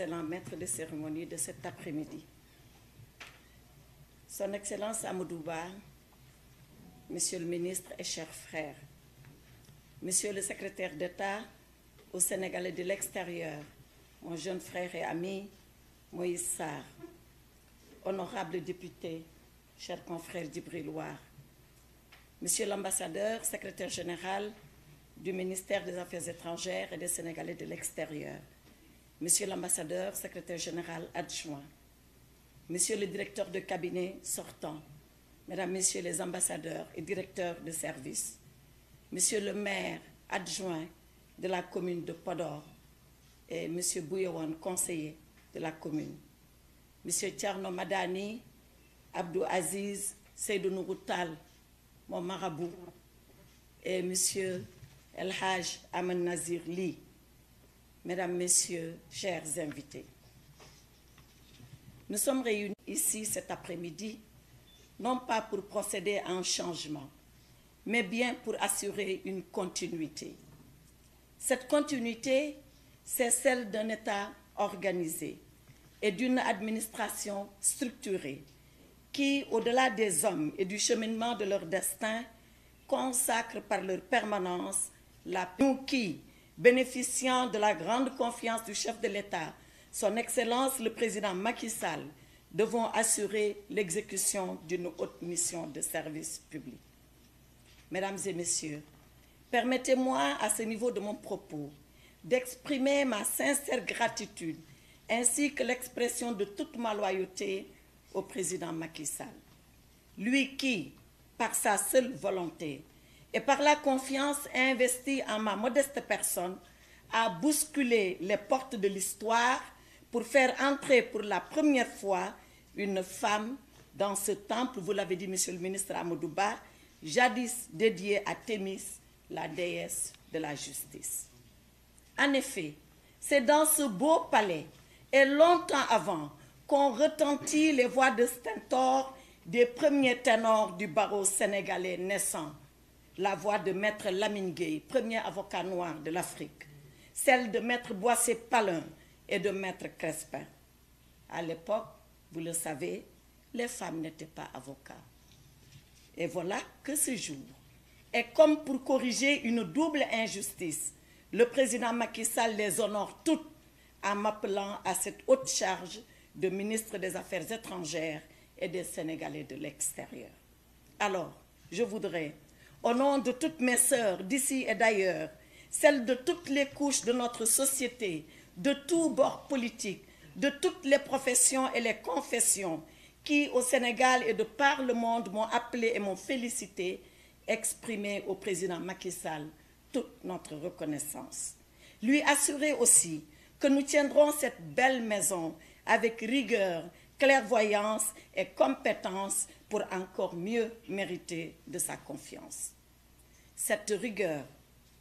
excellent maître de cérémonie de cet après-midi. Son Excellence Amadouba, Monsieur le ministre et chers frères, Monsieur le secrétaire d'État au Sénégalais de l'extérieur, mon jeune frère et ami Moïse Sarr, honorable député, chers confrères d'Ibrilloire, Monsieur l'ambassadeur, secrétaire général du ministère des Affaires étrangères et des Sénégalais de l'extérieur, Monsieur l'ambassadeur, secrétaire général adjoint, Monsieur le directeur de cabinet sortant, Mesdames, Messieurs les ambassadeurs et directeurs de service, Monsieur le maire adjoint de la commune de Podor et Monsieur Bouyawan, conseiller de la commune, Monsieur Tcherno Madani, Abdou Aziz, Seydou Nouroutal, mon marabout, et Monsieur El Aman Nazir Li. Mesdames, Messieurs, chers invités, nous sommes réunis ici cet après-midi, non pas pour procéder à un changement, mais bien pour assurer une continuité. Cette continuité, c'est celle d'un État organisé et d'une administration structurée qui, au-delà des hommes et du cheminement de leur destin, consacre par leur permanence la qui, bénéficiant de la grande confiance du chef de l'État, son Excellence le président Macky Sall, devons assurer l'exécution d'une haute mission de service public. Mesdames et messieurs, permettez-moi à ce niveau de mon propos d'exprimer ma sincère gratitude ainsi que l'expression de toute ma loyauté au président Macky Sall. Lui qui, par sa seule volonté, et par la confiance investi en ma modeste personne, à bousculé les portes de l'histoire pour faire entrer pour la première fois une femme dans ce temple, vous l'avez dit, monsieur le ministre Amoudouba, jadis dédié à Thémis, la déesse de la justice. En effet, c'est dans ce beau palais et longtemps avant qu'on retentit les voix de stentor des premiers ténors du barreau sénégalais naissant, la voix de Maître Lamine Gueye, premier avocat noir de l'Afrique, celle de Maître Boissé Palin et de Maître Crespin. À l'époque, vous le savez, les femmes n'étaient pas avocats. Et voilà que ce jour et comme pour corriger une double injustice, le président Macky Sall les honore toutes en m'appelant à cette haute charge de ministre des Affaires étrangères et des Sénégalais de l'extérieur. Alors, je voudrais au nom de toutes mes sœurs d'ici et d'ailleurs, celles de toutes les couches de notre société, de tous bords politiques, de toutes les professions et les confessions qui, au Sénégal et de par le monde, m'ont appelé et m'ont félicité, exprimer au président Macky Sall toute notre reconnaissance. Lui assurer aussi que nous tiendrons cette belle maison avec rigueur clairvoyance et compétence pour encore mieux mériter de sa confiance. Cette rigueur,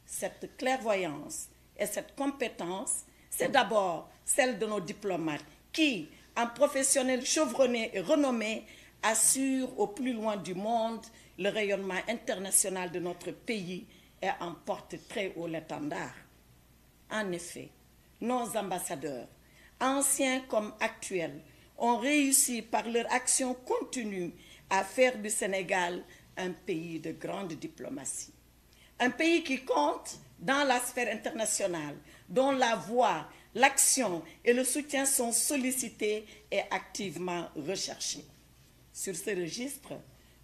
cette clairvoyance et cette compétence, c'est d'abord celle de nos diplomates qui, en professionnels chevronnés et renommés, assurent au plus loin du monde le rayonnement international de notre pays et en portent très haut l'étendard. En effet, nos ambassadeurs, anciens comme actuels, ont réussi par leur action continue à faire du Sénégal un pays de grande diplomatie. Un pays qui compte dans la sphère internationale, dont la voix, l'action et le soutien sont sollicités et activement recherchés. Sur ce registre,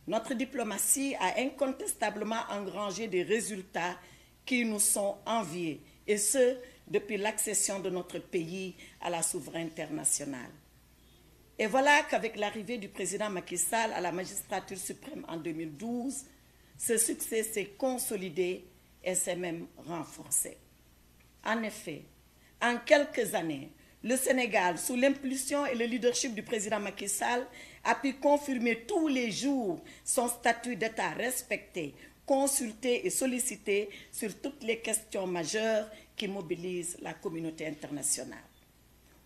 notre diplomatie a incontestablement engrangé des résultats qui nous sont enviés, et ce, depuis l'accession de notre pays à la souveraineté internationale. Et voilà qu'avec l'arrivée du président Macky Sall à la magistrature suprême en 2012, ce succès s'est consolidé et s'est même renforcé. En effet, en quelques années, le Sénégal, sous l'impulsion et le leadership du président Macky Sall, a pu confirmer tous les jours son statut d'État respecté, consulté et sollicité sur toutes les questions majeures qui mobilisent la communauté internationale.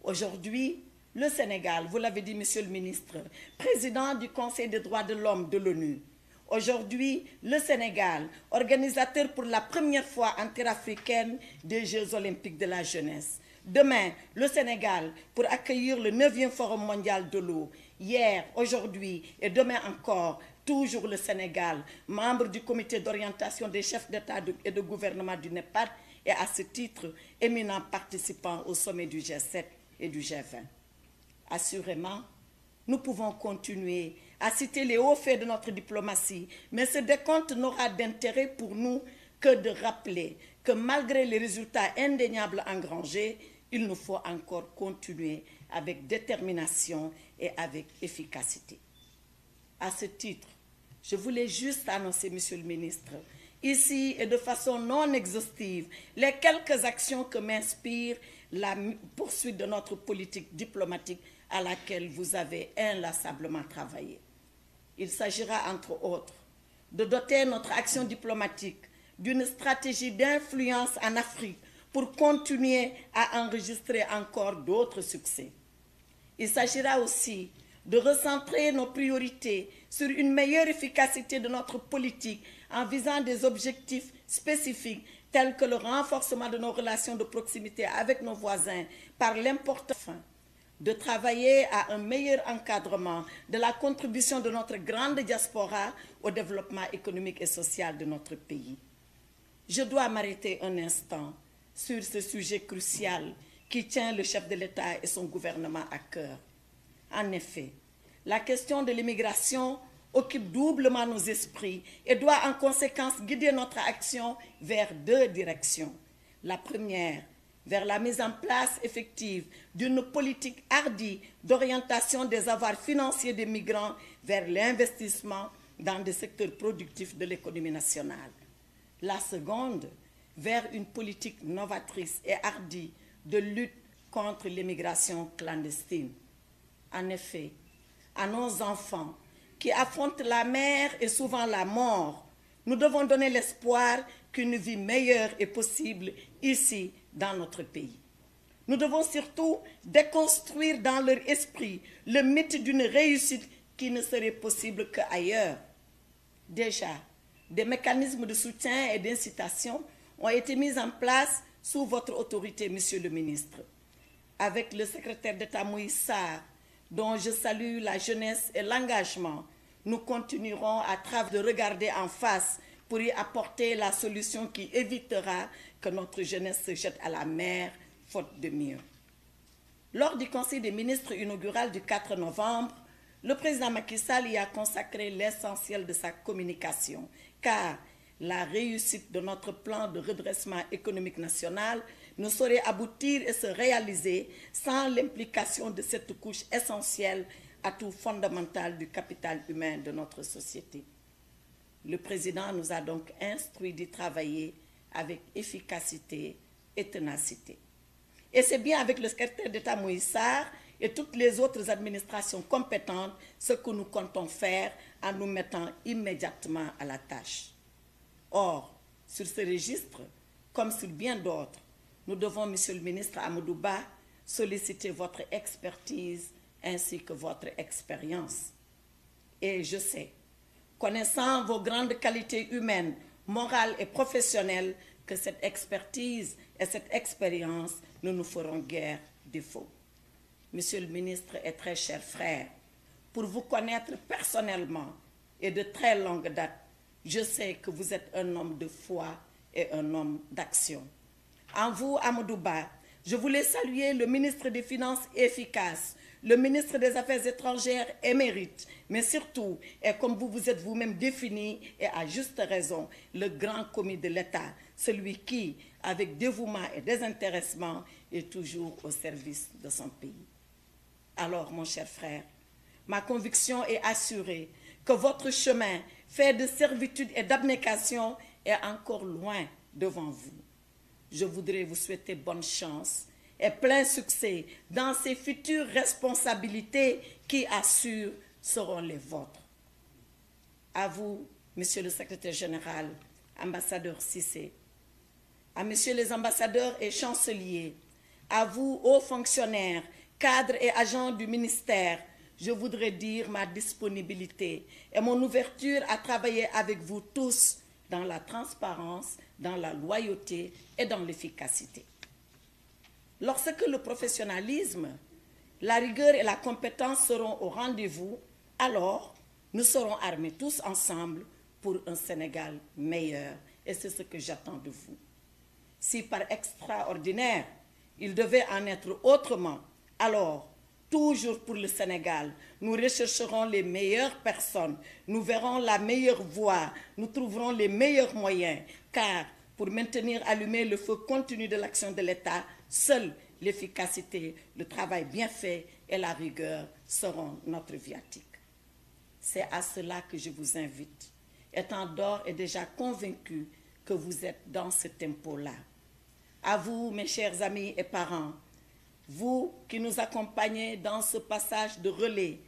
Aujourd'hui, le Sénégal, vous l'avez dit, Monsieur le ministre, président du Conseil des droits de l'homme de l'ONU. Aujourd'hui, le Sénégal, organisateur pour la première fois interafricaine des Jeux olympiques de la jeunesse. Demain, le Sénégal, pour accueillir le 9e Forum mondial de l'eau. Hier, aujourd'hui et demain encore, toujours le Sénégal, membre du comité d'orientation des chefs d'État et de gouvernement du Népal e et à ce titre, éminent participant au sommet du G7 et Assurément, nous pouvons continuer à citer les hauts faits de notre diplomatie, mais ce décompte n'aura d'intérêt pour nous que de rappeler que malgré les résultats indéniables engrangés, il nous faut encore continuer avec détermination et avec efficacité. À ce titre, je voulais juste annoncer, Monsieur le ministre, ici et de façon non exhaustive, les quelques actions que m'inspirent la poursuite de notre politique diplomatique à laquelle vous avez inlassablement travaillé. Il s'agira entre autres de doter notre action diplomatique d'une stratégie d'influence en Afrique pour continuer à enregistrer encore d'autres succès. Il s'agira aussi de recentrer nos priorités sur une meilleure efficacité de notre politique en visant des objectifs spécifiques tels que le renforcement de nos relations de proximité avec nos voisins par l'importance de travailler à un meilleur encadrement de la contribution de notre grande diaspora au développement économique et social de notre pays. Je dois m'arrêter un instant sur ce sujet crucial qui tient le chef de l'État et son gouvernement à cœur. En effet, la question de l'immigration occupe doublement nos esprits et doit en conséquence guider notre action vers deux directions. La première, vers la mise en place effective d'une politique hardie d'orientation des avoirs financiers des migrants vers l'investissement dans des secteurs productifs de l'économie nationale. La seconde, vers une politique novatrice et hardie de lutte contre l'immigration clandestine. En effet, à nos enfants, qui affrontent la mer et souvent la mort. Nous devons donner l'espoir qu'une vie meilleure est possible ici, dans notre pays. Nous devons surtout déconstruire dans leur esprit le mythe d'une réussite qui ne serait possible qu'ailleurs. Déjà, des mécanismes de soutien et d'incitation ont été mis en place sous votre autorité, Monsieur le ministre, avec le secrétaire d'État Moïse Sarr, dont je salue la jeunesse et l'engagement, nous continuerons à travers de regarder en face pour y apporter la solution qui évitera que notre jeunesse se jette à la mer, faute de mieux. Lors du Conseil des ministres inaugural du 4 novembre, le président Macky Sall y a consacré l'essentiel de sa communication, car la réussite de notre plan de redressement économique national ne saurait aboutir et se réaliser sans l'implication de cette couche essentielle, atout fondamental du capital humain de notre société. Le président nous a donc instruit d'y travailler avec efficacité et ténacité. Et c'est bien avec le secrétaire d'État Moïse et toutes les autres administrations compétentes ce que nous comptons faire en nous mettant immédiatement à la tâche. Or, sur ce registre, comme sur bien d'autres, Nous devons, Monsieur le ministre Amoudouba, solliciter votre expertise ainsi que votre expérience. Et je sais, connaissant vos grandes qualités humaines, morales et professionnelles, que cette expertise et cette expérience ne nous feront guère défaut. Monsieur le ministre et très cher frère, pour vous connaître personnellement et de très longue date, je sais que vous êtes un homme de foi et un homme d'action. En vous, Amadou Ba, je voulais saluer le ministre des Finances efficace, le ministre des Affaires étrangères émérite, mais surtout, et comme vous vous êtes vous-même défini, et à juste raison, le grand commis de l'État, celui qui, avec dévouement et désintéressement, est toujours au service de son pays. Alors, mon cher frère, ma conviction est assurée que votre chemin, fait de servitude et d'abnégation, est encore loin devant vous. je voudrais vous souhaiter bonne chance et plein succès dans ces futures responsabilités qui assurent seront les vôtres. À vous, Monsieur le Secrétaire général, ambassadeur Cissé, à Messieurs les ambassadeurs et chanceliers, à vous, hauts fonctionnaires, cadres et agents du ministère, je voudrais dire ma disponibilité et mon ouverture à travailler avec vous tous dans la transparence, dans la loyauté et dans l'efficacité. Lorsque le professionnalisme, la rigueur et la compétence seront au rendez-vous, alors nous serons armés tous ensemble pour un Sénégal meilleur. Et c'est ce que j'attends de vous. Si par extraordinaire, il devait en être autrement, alors toujours pour le Sénégal. Nous rechercherons les meilleures personnes, nous verrons la meilleure voie, nous trouverons les meilleurs moyens, car pour maintenir allumé le feu continu de l'action de l'État, seule l'efficacité, le travail bien fait et la rigueur seront notre viatique. C'est à cela que je vous invite, étant d'or et déjà convaincu que vous êtes dans ce tempo-là. À vous, mes chers amis et parents, vous qui nous accompagnez dans ce passage de relais,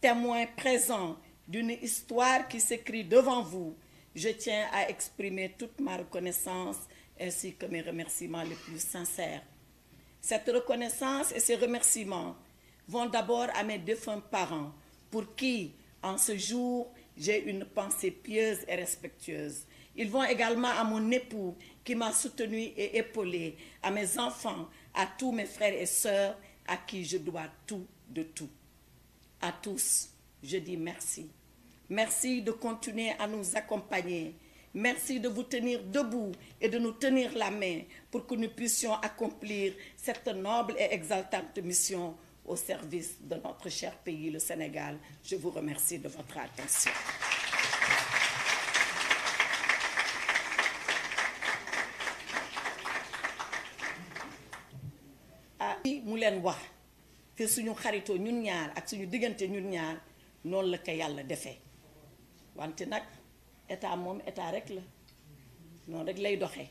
témoins présents d'une histoire qui s'écrit devant vous, je tiens à exprimer toute ma reconnaissance ainsi que mes remerciements les plus sincères. Cette reconnaissance et ces remerciements vont d'abord à mes défunts parents, pour qui, en ce jour, j'ai une pensée pieuse et respectueuse. Ils vont également à mon époux qui m'a soutenu et épaulé, à mes enfants à tous mes frères et sœurs à qui je dois tout de tout. À tous, je dis merci. Merci de continuer à nous accompagner. Merci de vous tenir debout et de nous tenir la main pour que nous puissions accomplir cette noble et exaltante mission au service de notre cher pays, le Sénégal. Je vous remercie de votre attention. leen wax te suñu xaritoo ñun ñaar ak suñu diggante ñun ñaar noonu la ko yàlla defe wante nag état moom état rek la noonu rek lay doxee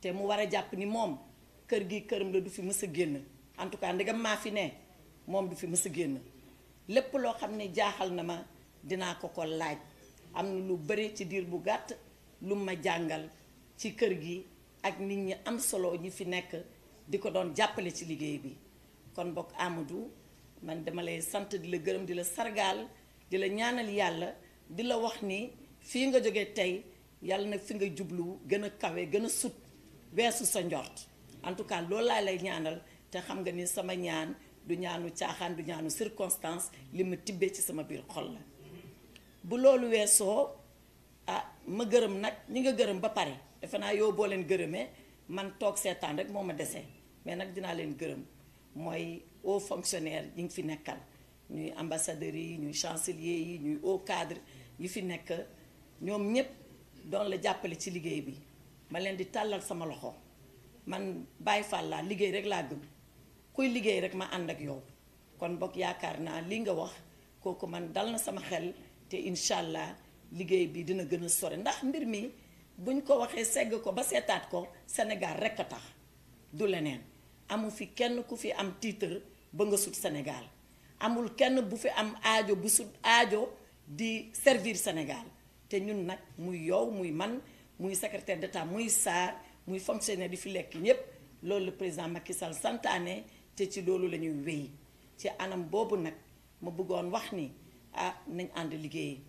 te mu war a jàpp ni moom kër gi këram la du fi mës a génn en tout cas ndegam maa fi ne moom du fi mës a génn lépp loo xam ne jaaxal na ma dinaa ko ko laaj am na lu bari ci diir bu gàtt lu ma jàngal ci kër gi ak nit ñi am solo ñi fi nekk di ko doon jàppale ci liggéey bi kon bokk Amadou man dama lay sant di la gërëm di la sargaal di la ñaanal yàlla di la wax ni fii nga jóge tey yàlla nag fi nga jublu gën a kawe gën a sut weesu sa njort en tout cas loolu laa lay ñaanal te xam nga ni sama ñaan du ñaanu caaxaan du ñaanu circonstance li ma tibbee ci sama biir xol la bu loolu weesoo ah ma gërëm nag ñi nga gërëm ba pare defe naa yow boo leen gërëmee man toog seetaan rek moo ma dese mais nag dinaa leen gërëm mooy haut fonctionnaire yi ngi fi nekkal ñuy ambassadeurs ñuy chancelier yi ñuy haut cadre yi fi nekk ñoom ñëpp doon la jàppale ci liggéey bi ma leen di tàllal sama loxo man bàyyi Fall laa liggéey rek laa gëm kuy liggéey rek ma ànd ak yow kon bokk yaakaar naa li nga wax kooku man dal na sama xel te incha allah liggéey bi dina gën a sore ndax mbir mi buñ ko waxee segg ko ba seetaat ko Sénégal rek a tax du leneen. amu fi kenn ku fi am titre ba nga sut Sénégal amul kenn bu fi am aajo bu sut aajo di servir Sénégal te ñun nag muy yow muy man muy secrétaire d'État muy saar muy fonctionnaire di fi lekk ñépp loolu le président Macky Sall santaane te ci loolu la ñuy wéy ci anam boobu nag ma bëggoon wax ni ah nañ ànd liggéey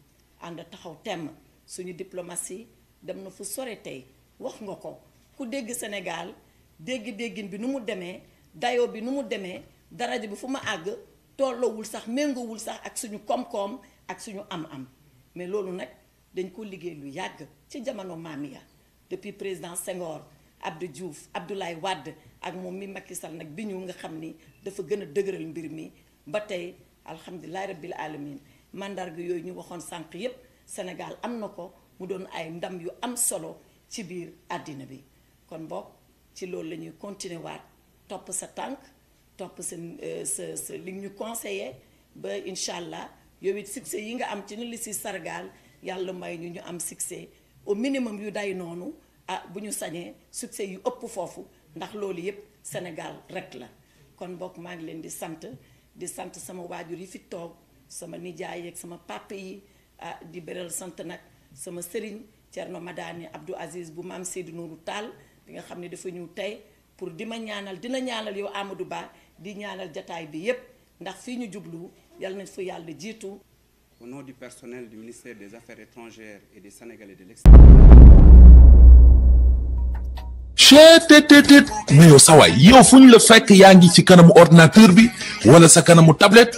ànd taxaw temm suñu diplomatie dem na fu sore tey wax nga ko ku dégg Sénégal dégg-déggin bi nu mu demee dayo bi nu mu demee daraja bi fu ma àgg tolloowul sax méngoowul sax ak suñu koom-koom ak suñu am-am mais loolu nag dañ ko liggéey lu yàgg ci jamono maam ya depuis président Senghor Abdou Diouf Abdoulaye Wade ak moom mi Macky Sall nag bi ñu nga xam ni dafa gën a dëgëral mbir mi ba tey alhamdulilah rabbil alamin mandarga yooyu ñu waxoon sànq yépp Sénégal am na ko mu doon ay ndam yu am solo ci biir àddina bi kon bokk ci loolu la ñuy continuer waat topp sa tànk topp sa euh, sa sa li ñu conseiller ba incha allah yow it succès yi nga am ci ni li si sargaal yàlla may ñu ñu am succès au minimum yu day noonu ah bu ñu sañee succès yu ëpp foofu ndax loolu yépp Sénégal rek la kon bokk maa ngi leen di sant di sant sama waajur yi fi toog sama nijaay yeeg sama papa yi ah di beral sant nag sama sëriñ Thierno Madani Abdou Aziz bu maam Seydou Nourou Tall bi nga xam ne dafa ñëw tey pour di ma ñaanal dina ñaanal yow Amadou Ba di ñaanal jataay bi yépp ndax fii ñu jublu yàlla nañ fa yàlla jiitu. Au nom du personnel du ministère des Affaires étrangères et des Sénégalais de l'extérieur. cheetetetet mais yow sawaay yow fu ñu la fekk yaa ngi ci kanamu ordinateur bi wala sa kanamu tablette.